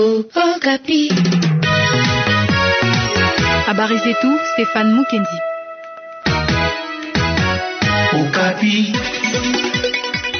Oh, Okapi. Habari zetu Stefan Mukendi. Okapi.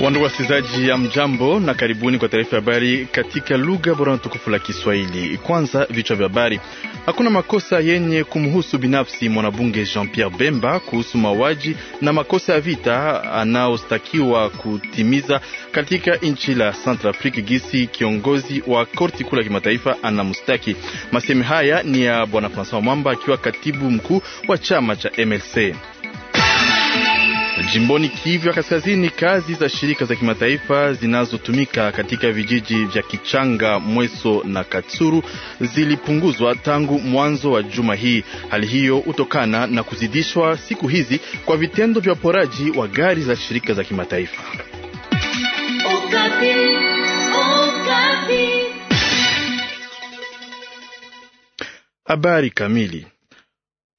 Wandugu wasikilizaji, ya mjambo na karibuni kwa taarifa ya habari katika lugha bora na tukufu la Kiswahili. Kwanza vichwa vya habari. Hakuna makosa yenye kumhusu binafsi mwanabunge Jean-Pierre Bemba kuhusu mauaji na makosa ya vita anaostakiwa kutimiza katika nchi la Central Afrique, gisi kiongozi wa korti kuu la kimataifa anamstaki. Masemi haya ni ya bwana Francois Mwamba akiwa katibu mkuu wa chama cha MLC. Jimboni Kivu ya Kaskazini, kazi za shirika za kimataifa zinazotumika katika vijiji vya Kichanga, Mweso na Katsuru zilipunguzwa tangu mwanzo wa juma hii. Hali hiyo hutokana na kuzidishwa siku hizi kwa vitendo vya uporaji wa gari za shirika za kimataifa. Habari kamili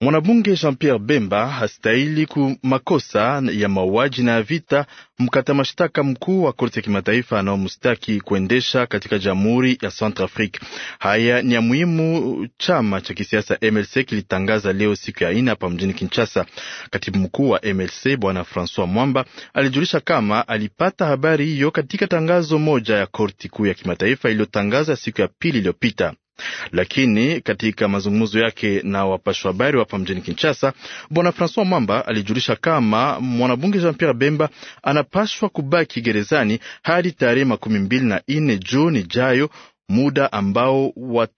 Mwanabunge Jean-Pierre Bemba hastahili ku makosa ya mauaji na ya vita, mkata mashtaka mkuu wa korti ya kimataifa anaomshtaki kuendesha katika jamhuri ya Centrafrique. Haya ni ya muhimu, chama cha kisiasa MLC kilitangaza leo siku ya ine hapa mjini Kinshasa. Katibu mkuu wa MLC bwana Francois Mwamba alijulisha kama alipata habari hiyo katika tangazo moja ya korti kuu ya kimataifa iliyotangaza siku ya pili iliyopita. Lakini katika mazungumzo yake na wapasha habari hapa mjini Kinshasa, bwana Francois Mwamba alijulisha kama mwanabunge Jean Pierre Bemba anapashwa kubaki gerezani hadi tarehe makumi mbili na nne Juni jayo muda ambao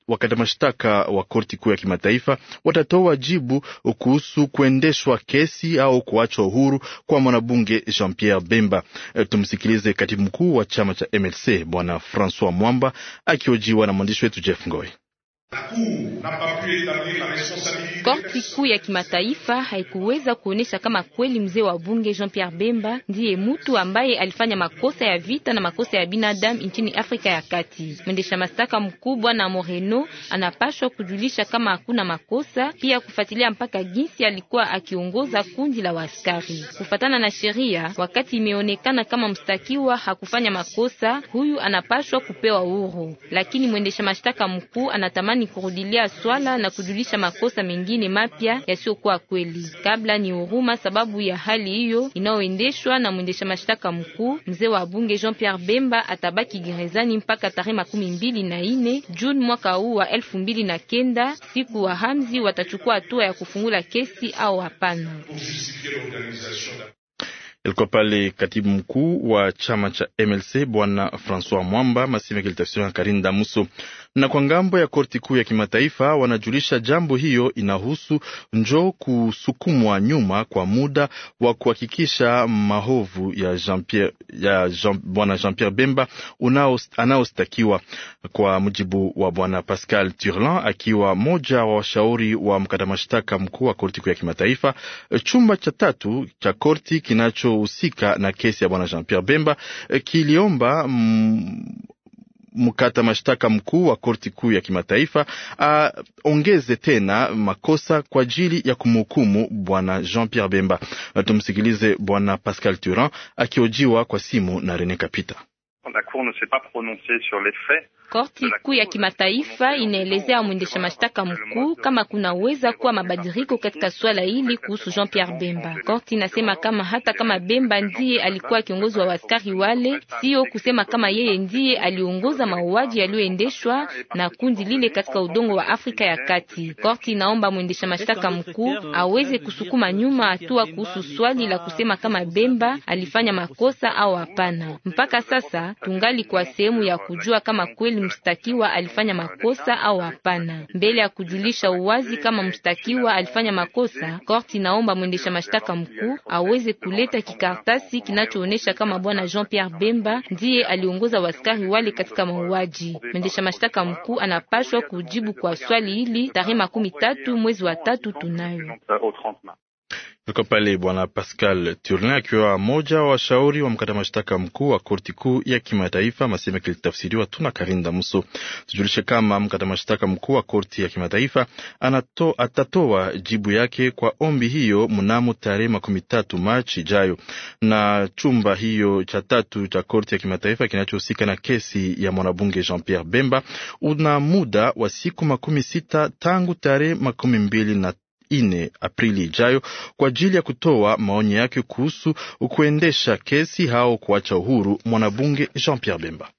wakata mashtaka wa korti kuu ya kimataifa watatoa jibu kuhusu kuendeshwa kesi au kuachwa uhuru kwa mwanabunge Jean Pierre Bemba. E, tumsikilize katibu mkuu wa chama cha MLC Bwana Francois Mwamba akiojiwa na mwandishi wetu Jeff Ngoi. Korti kuu ya kimataifa haikuweza kuonesha kama kweli mzee wa bunge Jean-Pierre Bemba ndiye mtu ambaye alifanya makosa ya vita na makosa ya binadamu nchini Afrika ya Kati. Mwendesha mashtaka mkuu Bwana Moreno anapaswa kujulisha kama hakuna makosa, pia kufuatilia mpaka jinsi alikuwa akiongoza kundi la waskari kufatana na sheria. Wakati imeonekana kama mstakiwa hakufanya makosa, huyu anapaswa kupewa uhuru, lakini mwendesha mashtaka mkuu anatamani ni kurudilia swala na kujulisha makosa mengine mapya yasiyokuwa kweli. Kabla ni huruma sababu ya hali hiyo inayoendeshwa na mwendesha mashtaka mkuu. Mzee wa bunge Jean Pierre Bemba atabaki gerezani mpaka tarehe makumi mbili na ine Juni mwaka huu wa elfu mbili na kenda siku wa hamzi watachukua hatua ya kufungula kesi au hapana. Ilikuwa pale katibu mkuu wa chama cha MLC Bwana Francois Mwamba Masime Kilitasion na Karinda Muso na kwa ngambo ya korti kuu ya kimataifa wanajulisha jambo hiyo inahusu njo kusukumwa nyuma kwa muda wa kuhakikisha mahovu ya Jean Pierre, ya Jean, bwana Jean Pierre Bemba anaostakiwa kwa mujibu wa bwana Pascal Turlan akiwa moja wa washauri wa mkata mashtaka mkuu wa korti kuu ya kimataifa, chumba cha tatu cha korti kinachohusika na kesi ya bwana Jean Pierre Bemba eh, kiliomba mm, mkata mashtaka mkuu wa korti kuu ya kimataifa aongeze tena makosa kwa ajili ya kumhukumu bwana Jean Pierre Bemba. Tumsikilize bwana Pascal Turan akiojiwa kwa simu na Rene Kapita la Cour ne s'est pas prononcée sur les faits. Korti kuu ya kimataifa inaelezea mwendesha mashtaka mkuu kama kunaweza kuwa mabadiliko katika swala hili kuhusu Jean Pierre Bemba. Korti inasema kama hata kama Bemba ndiye alikuwa kiongozi wa askari wale, sio kusema kama yeye ndiye aliongoza mauaji yaliyoendeshwa na kundi lile katika udongo wa Afrika ya Kati. Korti inaomba mwendesha mashtaka mkuu aweze kusukuma nyuma hatua kuhusu swali la kusema kama Bemba alifanya makosa au hapana. Mpaka sasa tungali kwa sehemu ya kujua kama kweli mshtakiwa alifanya makosa au hapana. Mbele ya kujulisha uwazi kama mshtakiwa alifanya makosa, korti inaomba mwendesha mashtaka mkuu aweze kuleta kikartasi kinachoonyesha kama bwana Jean Pierre Bemba ndiye aliongoza waskari wale katika mauaji. Mwendesha mashtaka mkuu anapashwa kujibu kwa swali hili tarehe makumi tatu mwezi wa tatu tunayo Tuko pale Bwana Pascal Turlin akiwa mmoja wa washauri wa mkata mashtaka mkuu wa korti kuu ya kimataifa, maseme kilitafsiriwa tu na Karinda Muso. Tujulishe kama mkata mashtaka mkuu wa korti ya kimataifa anato, atatoa jibu yake kwa ombi hiyo mnamo tarehe makumi tatu Machi ijayo, na chumba hiyo cha tatu cha korti ya kimataifa kinachohusika na kesi ya mwanabunge Jean Pierre Bemba una muda wa siku makumi sita tangu tarehe makumi mbili na ine Aprili ijayo kwa ajili ya kutoa maoni yake kuhusu kuendesha kesi hao kuacha uhuru mwanabunge Jean Pierre Bemba.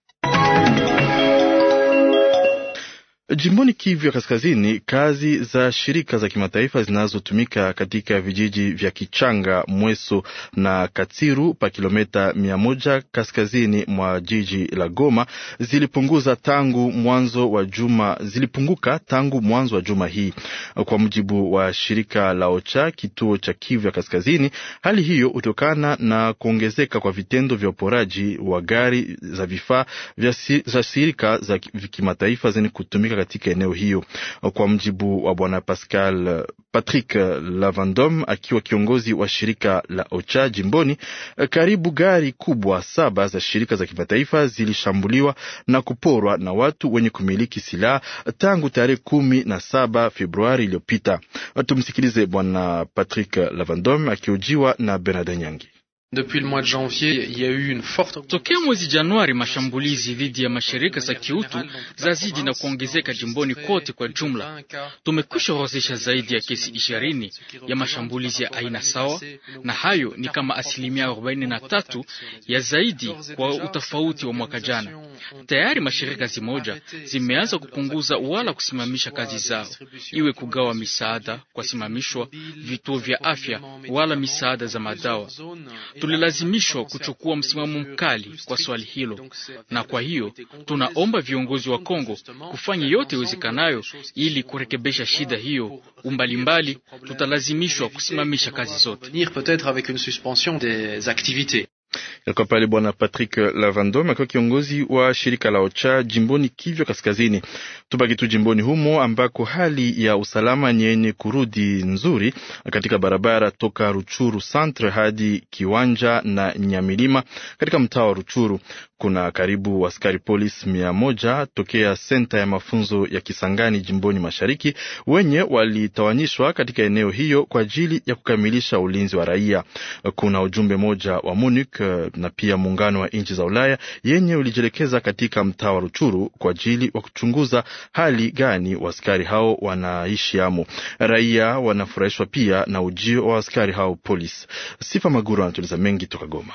Jimboni Kivu ya Kaskazini, kazi za shirika za kimataifa zinazotumika katika vijiji vya Kichanga, Mweso na Katsiru pa kilometa mia moja kaskazini mwa jiji la Goma zilipunguza tangu mwanzo wa juma, zilipunguka tangu mwanzo wa juma hii, kwa mujibu wa shirika la OCHA kituo cha Kivu ya Kaskazini. Hali hiyo hutokana na kuongezeka kwa vitendo vya uporaji wa gari za vifaa za shirika za kimataifa zenye kutumika katika eneo hiyo. Kwa mjibu wa bwana Pascal eh, Patrick eh, Lavandom, akiwa kiongozi wa shirika la OCHA jimboni, eh, karibu gari kubwa saba za shirika za kimataifa zilishambuliwa na kuporwa na watu wenye kumiliki silaha tangu tarehe kumi na saba Februari iliyopita. Tumsikilize bwana Patrick Lavandom akihojiwa na Bernard Nyangi. Tokea mwezi Januari mashambulizi dhidi ya mashirika za kiutu za zidi na kuongezeka jimboni kote. Kwa jumla, tumekwisha orodhesha zaidi ya kesi ishirini ya mashambulizi ya aina sawa, na hayo ni kama asilimia 43 ya zaidi kwa utofauti wa mwaka jana. Tayari mashirika zimoja zimeanza kupunguza wala kusimamisha kazi zao, iwe kugawa misaada, kusimamishwa vituo vya afya wala misaada za madawa tulilazimishwa kuchukua msimamo mkali kwa swali hilo, na kwa hiyo tunaomba viongozi wa Kongo kufanya yote iwezekanayo ili kurekebisha shida hiyo umbalimbali. Tutalazimishwa kusimamisha kazi zote kwa pale bwana Patrick Lavandome akiwa kiongozi wa shirika la OCHA jimboni Kivyo Kaskazini. Tubaki tu jimboni humo ambako hali ya usalama ni yenye kurudi nzuri katika barabara toka Ruchuru centre hadi Kiwanja na Nyamilima katika mtaa wa Ruchuru kuna karibu askari polis mia moja tokea senta ya mafunzo ya Kisangani jimboni mashariki wenye walitawanyishwa katika eneo hiyo kwa ajili ya kukamilisha ulinzi wa raia. Kuna ujumbe moja wa MONUC eh, na pia muungano wa nchi za Ulaya yenye ulijielekeza katika mtaa wa Ruchuru kwa ajili wa kuchunguza hali gani waskari hao wanaishi amo. Raia wanafurahishwa pia na ujio wa askari hao polis. Sifa Maguru anatueleza mengi toka Goma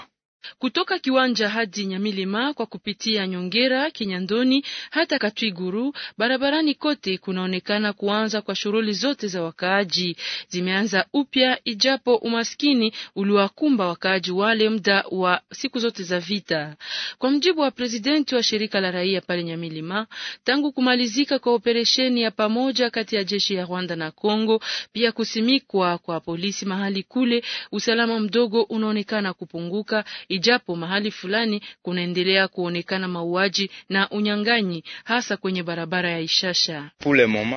kutoka Kiwanja hadi Nyamilima kwa kupitia Nyongera, Kinyandoni hata Katwiguru. Barabarani kote kunaonekana kuanza kwa shughuli zote za wakaaji zimeanza upya, ijapo umaskini uliwakumba wakaaji wale muda wa siku zote za vita. Kwa mjibu wa presidenti wa shirika la raia pale Nyamilima, tangu kumalizika kwa operesheni ya pamoja kati ya jeshi ya Rwanda na Kongo, pia kusimikwa kwa polisi mahali kule, usalama mdogo unaonekana kupunguka ijapo mahali fulani kunaendelea kuonekana mauaji na unyang'anyi, hasa kwenye barabara ya Ishasha.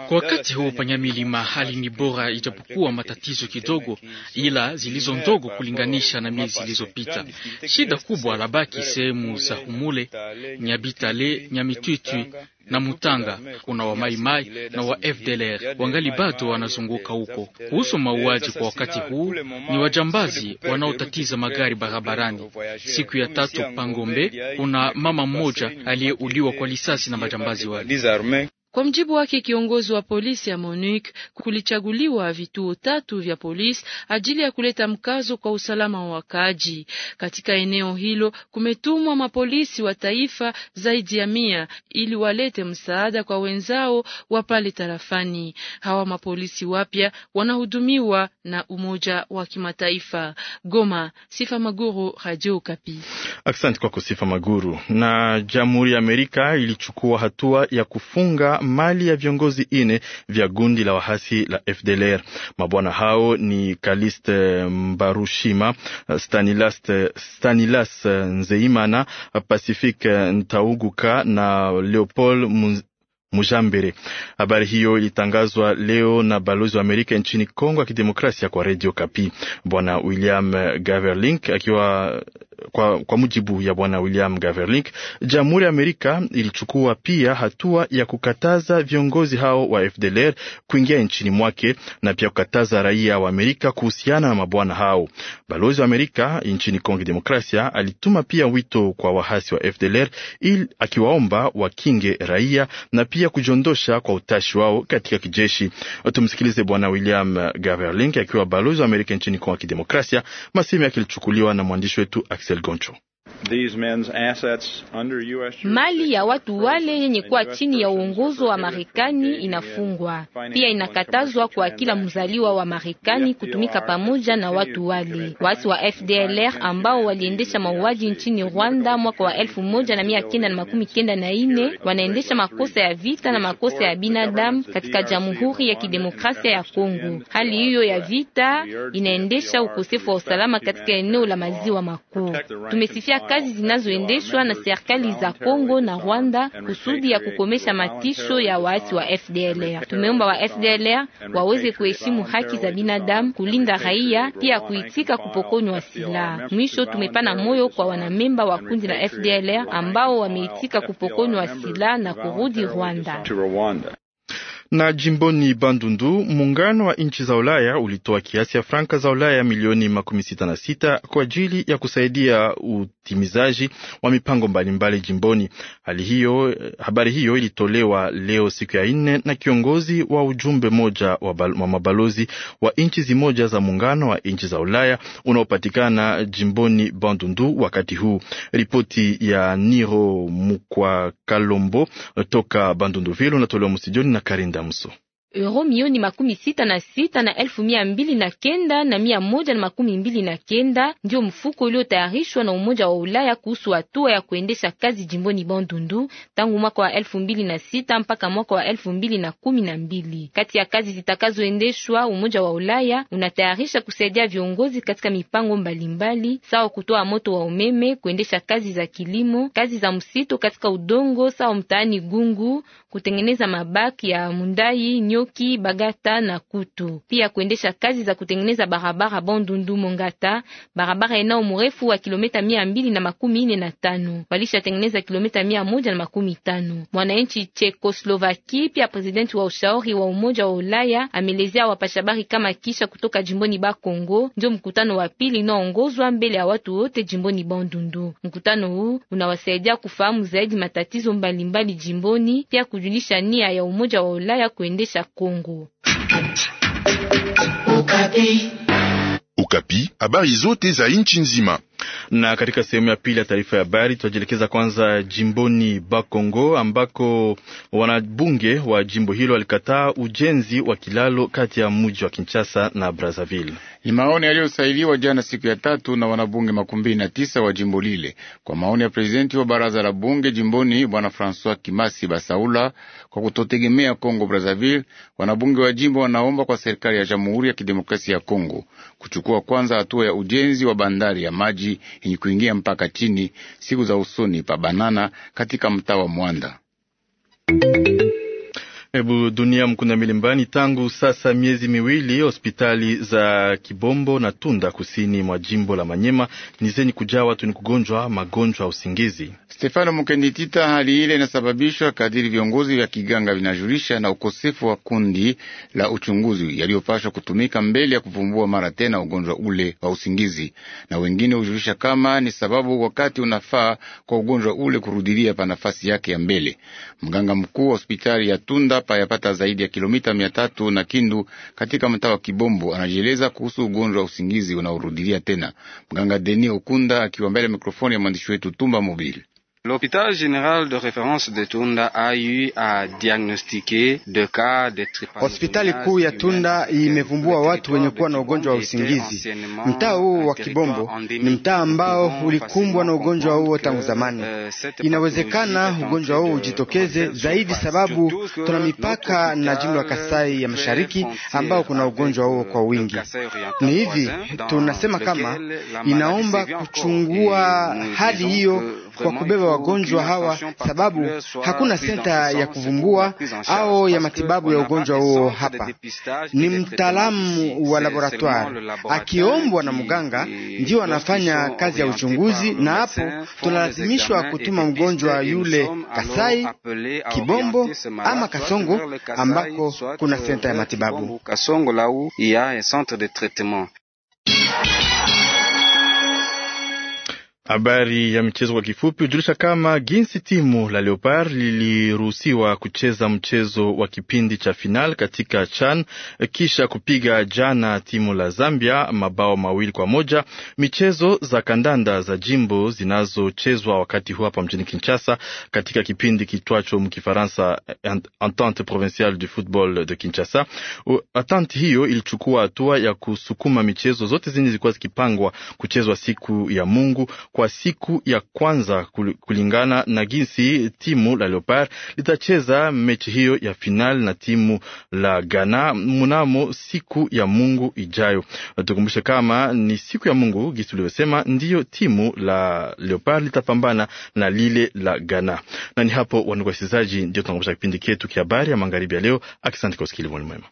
Kwa wakati huu panyamilima hali ni bora, ijapokuwa matatizo kidogo, ila zilizo ndogo kulinganisha na miezi zilizopita. Shida kubwa labaki sehemu za Humule, Nyabitale, Nyamitwitwi na Mutanga, kuna wa Maimai na wa FDLR wangali bado wanazunguka huko. Kuhusu mauaji kwa wakati huu, ni wajambazi wanaotatiza magari barabarani. Siku ya tatu Pangombe, kuna mama mmoja aliyeuliwa kwa lisasi na majambazi wale. Kwa mjibu wake kiongozi wa polisi ya MONUC, kulichaguliwa vituo tatu vya polisi ajili ya kuleta mkazo kwa usalama wa wakaaji katika eneo hilo. Kumetumwa mapolisi wa taifa zaidi ya mia ili walete msaada kwa wenzao wa pale tarafani. Hawa mapolisi wapya wanahudumiwa na Umoja wa Kimataifa. Goma, Sifa Maguru, Radio Kapi. Asante kwa kusifa Maguru. Na Jamhuri ya Amerika ilichukua hatua ya kufunga mali ya viongozi ine vya gundi la wahasi la FDLR. Mabwana hao ni Kaliste eh, Mbarushima, Stanilas, eh, Stanilas eh, Nzeimana, Pacific Ntauguka na Leopold Muz Mujambere. Habari hiyo ilitangazwa leo na balozi wa Amerika nchini Kongo ya Kidemokrasia kwa Radio Kapi, Bwana William Gaverlink akiwa kwa, kwa mujibu ya bwana William Gaverlink, Jamhuri ya Amerika ilichukua pia hatua ya kukataza viongozi hao wa FDLR kuingia nchini mwake na pia kukataza raia wa Amerika kuhusiana na mabwana hao. Balozi wa Amerika nchini Kongo Demokrasia alituma pia wito kwa wahasi wa FDLR ili akiwaomba wakinge raia na pia kujiondosha kwa utashi wao katika kijeshi. Tumsikilize bwana William Gaverlink akiwa balozi wa Amerika nchini Kongo Kidemokrasia, masemi yake ilichukuliwa na mwandishi wetu Axel del Goncho. mali ya watu wale yenye kuwa chini ya uongozo wa Marekani inafungwa, pia inakatazwa kwa kila mzaliwa wa Marekani kutumika pamoja na watu wale. Waasi wa FDLR ambao waliendesha mauaji nchini Rwanda mwaka wa 1994 wanaendesha makosa ya vita na makosa ya binadamu katika Jamhuri ya Kidemokrasia ya Kongo. Hali hiyo ya vita inaendesha ukosefu wa usalama katika eneo la maziwa makuu. Tumesifia kazi zinazoendeshwa na serikali za Kongo na Rwanda kusudi ya kukomesha matisho ya waasi wa FDLR. Tumeomba wa FDLR waweze kuheshimu haki za binadamu, kulinda raia, pia kuitika kupokonywa silaha. Mwisho, tumepana moyo kwa wanamemba wa kundi la FDLR ambao wameitika kupokonywa silaha na kurudi Rwanda na jimboni Bandundu, muungano wa nchi za Ulaya ulitoa kiasi ya franka za Ulaya milioni makumi sita na sita kwa ajili ya kusaidia utimizaji wa mipango mbalimbali mbali jimboni. Hali hiyo, habari hiyo ilitolewa leo siku ya nne na kiongozi wa ujumbe moja wa mabalozi wa nchi zimoja za muungano wa nchi za Ulaya unaopatikana jimboni Bandundu wakati huu. Ripoti ya Niro Mukwa Kalombo toka Bandunduville unatolewa msijoni na Karinda Samson. euro milioni makumi sita na sita na elfu mia mbili na kenda na mia moja na makumi mbili na kenda ndio mfuko uliotayarishwa na Umoja wa Ulaya kuhusu hatua ya kuendesha kazi jimboni Bandundu tangu mwaka wa elfu mbili na sita mpaka mwaka wa elfu mbili na kumi na mbili. Kati ya kazi zitakazoendeshwa, Umoja wa Ulaya unatayarisha kusaidia viongozi katika mipango mbalimbali sawa kutoa moto wa umeme, kuendesha kazi za kilimo, kazi za msito katika udongo sawa mtaani Gungu, kutengeneza mabaki ya mundai nyo Nyoki, Bagata na Kutu, pia kuendesha kazi za kutengeneza barabara Bondundu Mongata, barabara enao mrefu wa kilomita mia mbili na makumi ine na tano walishatengeneza kilomita mia moja na makumi tano. Mwananchi Chekoslovaki, pia presidenti wa ushauri wa Umoja wa Ulaya, amelezea wapashabari kama kisha kutoka jimboni ba Kongo ndio mkutano wa pili unaongozwa mbele ya watu wote jimboni Bondundu. Mkutano huu unawasaidia kufahamu zaidi matatizo mbalimbali mbali jimboni, pia kujulisha nia ya Umoja wa Ulaya kuendesha Kongo. Ukapi, habari zote za nchi nzima na katika sehemu ya pili ya taarifa ya habari tutajielekeza kwanza jimboni Bakongo ambako wanabunge wa jimbo hilo walikataa ujenzi wa kilalo kati ya mji wa Kinshasa na Brazzaville. Ni maoni yaliyosailiwa jana siku ya tatu na wanabunge makumi mbili na tisa wa jimbo lile kwa maoni ya prezidenti wa baraza la bunge jimboni bwana Francois Kimasi Basaula. Kwa kutotegemea congo Brazzaville, wanabunge wa jimbo wanaomba kwa serikali ya Jamhuri ya Kidemokrasia ya congo kuchukua kwanza hatua ya ujenzi wa bandari ya maji yenye kuingia mpaka chini siku za usoni pa Banana katika mtaa wa Mwanda. Hebu dunia mkunda milimbani. Tangu sasa miezi miwili, hospitali za Kibombo na Tunda kusini mwa jimbo la Manyema ni zenye kujaa watu ni kugonjwa magonjwa ya usingizi. Stefano Mukenditita, hali ile inasababishwa kadiri viongozi vya kiganga vinajulisha na ukosefu wa kundi la uchunguzi yaliyopashwa kutumika mbele ya kuvumbua mara tena ugonjwa ule wa usingizi, na wengine hujulisha kama ni sababu wakati unafaa kwa ugonjwa ule kurudilia pa nafasi yake ya mbele. Mganga mkuu wa hospitali ya Tunda hapa yapata zaidi ya kilomita mia tatu na Kindu katika mtaa wa Kibombo anajieleza kuhusu ugonjwa wa usingizi unaorudilia tena. Mganga Deni Okunda akiwa mbele ya mikrofoni ya mwandishi wetu Tumba Mobili. L'hôpital général de référence de Tunda a eu à diagnostiquer deux cas de Hospitali kuu ya Tunda imevumbua watu wenye kuwa na ugonjwa wa usingizi. Mtaa huo wa Kibombo ni mtaa ambao ulikumbwa na ugonjwa huo tangu zamani. Euh, Inawezekana ugonjwa huo ujitokeze zaidi, sababu tuna mipaka na jimbo la Kasai ya Mashariki ambao kuna ugonjwa huo kwa euh, wingi. Ni hivi tunasema kama inaomba kuchungua hali hiyo kwa kubeba wagonjwa hawa, sababu hakuna senta ya kuvumbua au ya matibabu ya ugonjwa huo. Hapa ni mtaalamu wa laboratoire akiombwa na mganga ndio anafanya kazi ya uchunguzi, na hapo tunalazimishwa kutuma mgonjwa yule Kasai, Kibombo ama Kasongo ambako kuna senta ya matibabu. Habari ya mchezo kwa kifupi hujulisha kama jinsi timu la Leopard liliruhusiwa kucheza mchezo wa kipindi cha final katika CHAN kisha kupiga jana timu la Zambia mabao mawili kwa moja. Michezo za kandanda za jimbo zinazochezwa wakati huu hapa mjini Kinshasa katika kipindi kitwacho mkifaransa Entente Provinciale du Football de Kinshasa. Entente hiyo ilichukua hatua ya kusukuma michezo zote zenye zilikuwa zikipangwa kuchezwa siku ya Mungu kwa kwa siku ya kwanza kulingana na jinsi timu la Leopard litacheza mechi hiyo ya final na timu la Ghana mnamo siku ya Mungu ijayo. Tukumbushe kama ni siku ya Mungu gisi ulivyosema, ndiyo timu la Leopard litapambana na lile la Ghana. Na ni hapo, wandugu wasikilizaji, ndio tunakumbusha kipindi chetu kihabari habari ya magharibi ya leo. Asante kwa usikilivu mwema.